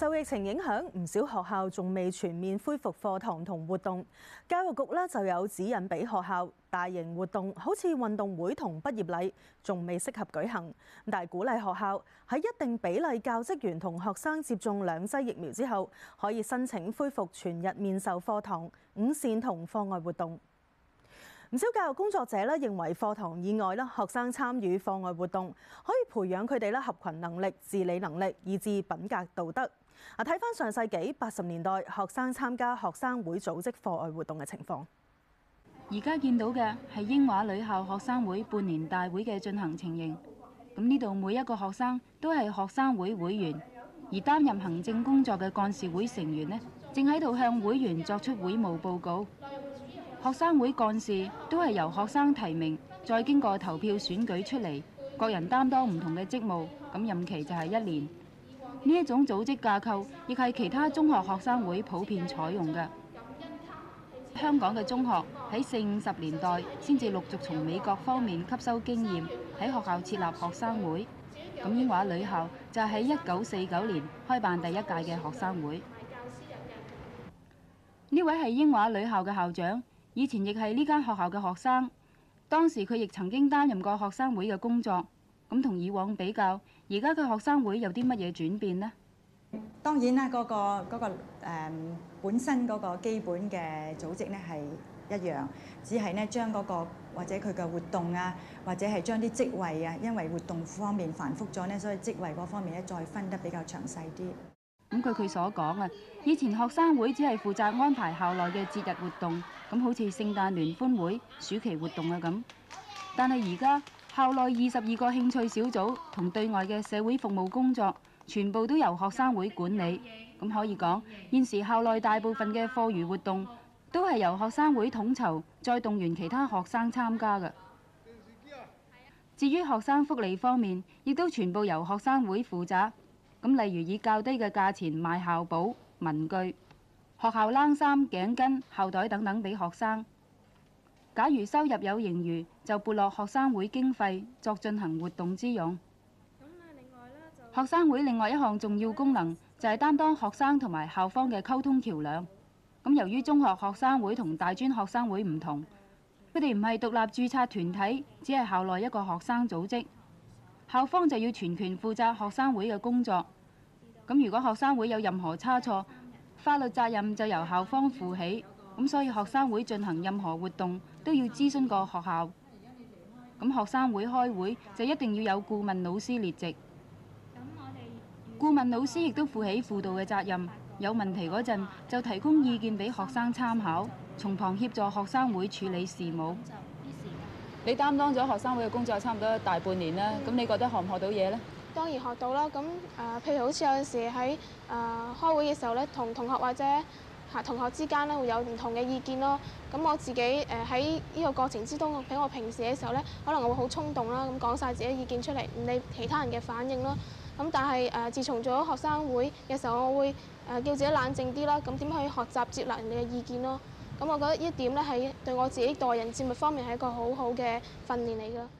受疫情影響，唔少學校仲未全面恢復課堂同活動。教育局呢就有指引俾學校，大型活動好似運動會同畢業禮仲未適合舉行。但係鼓勵學校喺一定比例教職員同學生接種兩劑疫苗之後，可以申請恢復全日面授課堂、午膳同課外活動。唔少教育工作者咧認為，課堂以外咧，學生參與課外活動可以培養佢哋咧合群能力、自理能力，以至品格道德。啊，睇返上世紀八十年代學生參加學生會組織課外活動嘅情況。而家見到嘅係英華女校學生會半年大會嘅進行情形。咁呢度每一個學生都係學生會會員，而擔任行政工作嘅幹事會成員咧，正喺度向會員作出會務報告。學生會幹事都係由學生提名，再經過投票選舉出嚟，各人擔當唔同嘅職務，咁任期就係一年。呢一種組織架構亦係其他中學學生會普遍採用嘅。香港嘅中學喺四、五十年代先至陸續從美國方面吸收經驗，喺學校設立學生會。咁英華女校就喺一九四九年開辦第一屆嘅學生會。呢位係英華女校嘅校長。以前亦係呢間學校嘅學生，當時佢亦曾經擔任過學生會嘅工作。咁同以往比較，而家嘅學生會有啲乜嘢轉變呢？當然啦，嗰個嗰個誒本身嗰個基本嘅組織咧係一樣，只係呢，將嗰個或者佢嘅活動啊，或者係將啲職位啊，因為活動方面繁複咗呢，所以職位嗰方面咧再分得比較詳細啲。咁據佢所講啊，以前學生會只係負責安排校內嘅節日活動，咁好似聖誕聯歡會、暑期活動啊咁。但係而家校內二十二個興趣小組同對外嘅社會服務工作，全部都由學生會管理。咁可以講，現時校內大部分嘅課餘活動都係由學生會統籌，再動員其他學生參加㗎。至於學生福利方面，亦都全部由學生會負責。咁例如以較低嘅價錢賣校簿、文具、學校冷衫、頸巾、校袋等等俾學生。假如收入有盈餘，就撥落學生會經費作進行活動之用。學生會另外一項重要功能就係擔當學生同埋校方嘅溝通橋樑。咁由於中學學生會同大專學生會唔同，佢哋唔係獨立註冊團體，只係校內一個學生組織。校方就要全權負責學生會嘅工作，咁如果學生會有任何差錯，法律責任就由校方負起，咁所以學生會進行任何活動都要諮詢過學校，咁學生會開會就一定要有顧問老師列席，顧問老師亦都負起輔導嘅責任，有問題嗰陣就提供意見俾學生參考，從旁協助學生會處理事務。你擔當咗學生會嘅工作差唔多大半年啦，咁、嗯、你覺得學唔學到嘢呢？當然學到啦，咁誒、呃，譬如好似有陣時喺誒、呃、開會嘅時候咧，同同學或者同學之間咧會有唔同嘅意見咯。咁我自己誒喺呢個過程之中，畀我平時嘅時候咧，可能我會好衝動啦，咁講晒自己嘅意見出嚟，唔理其他人嘅反應咯。咁但係誒、呃，自從做咗學生會嘅時候，我會誒、呃、叫自己冷靜啲啦。咁點去學習接納人哋嘅意見咯。咁我覺得呢一點呢，係對我自己待人接物方面係一個好好嘅訓練嚟㗎。